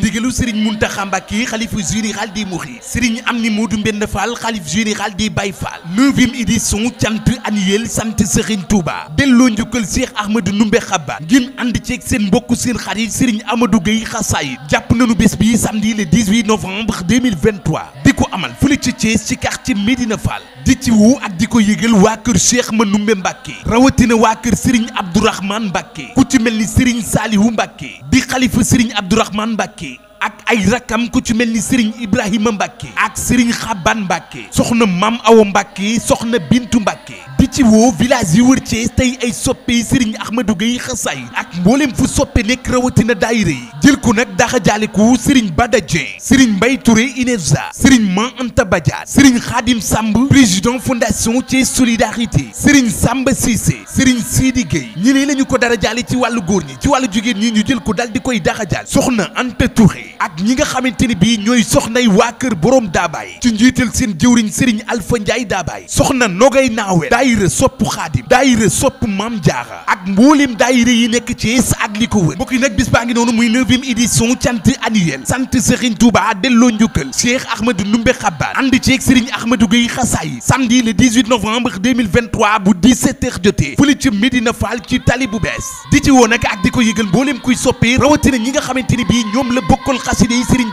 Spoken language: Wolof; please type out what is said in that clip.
ci Serigne Mountakha Mbacké xalifu général des Mourides Serigne Amni Modou Mbend Fall xalif général des Baye Fall neuvième édition cant annuel sante Serigne Touba delloo njukkal Cheikh Ahmadou Numbe Xabba ngeen ànd ceeg sen mbokk sen xarit Serigne Amadou Gueye Xasaayid japp nañu bés bi samedi le 18 novembre 2023 ko amal fële ci Thiès ci medina Médina Fall di ci wu ak di ko yëgal waa kër Cheikh Manoumbe Mbacke rawatina waa kër Serigne Abdourahmane Mbacke ku ci mel ni Serigne Salihu Mbacke di xalifa Serigne Abdourahmane Mbacke ak ay rakam ku ci mel ni Serigne Ibrahima Mbacke ak Serigne Xaban Mbacke soxna Mam Awa Mbacke soxna Bintu Mbacke. ci woo village yi wër Thiès tey ay soppe Serigne Ahmadou Gueye xasaay ak mboolem fu soppe nekk rawatina daayira yi jël ko nag daxa jaaliku Serigne Bada Dieng Serigne Mbaye Touré INEFJA Serigne Ma Anta Badiat Serigne Khadim Samb président fondation Thiès solidarité Serigne Samba Cissé Serigne Sidi Gueye ñi ne la ñu ko dara jaale ci wàll góor ñi ci wàllu jigéen ñi ñu jël ko dal di koy daxa jaal soxna Anta Touré ak ñi nga xamante ni bii ñooy soxnay waa kër borom daabaay ci njiital seen jëwriñ Serigne Alpha Ndiaye daabaay soxna nogay naawel daayira sopp xaadim daayira sopp maam jaaxa ak mbooleem daayira yi nekk ci ak li ko wër mbokk yi bis baa ngi noonu muy neuvième édition cant annuel sant Serigne Touba delloo njukkal Cheikh Ahmadou Ndoumbe Xabbaan ànd ceeg Serigne Ahmadou Gueye Xasaay samedi le 18 novembre 2023 bu 17h jotee fële ci Medina Fall ci tali bu bees di ci woon nag ak di ko yëgal mbooleem kuy soppee rawatina ñi nga xamante ni bii ñoom la bokkal xaside yi sëriñ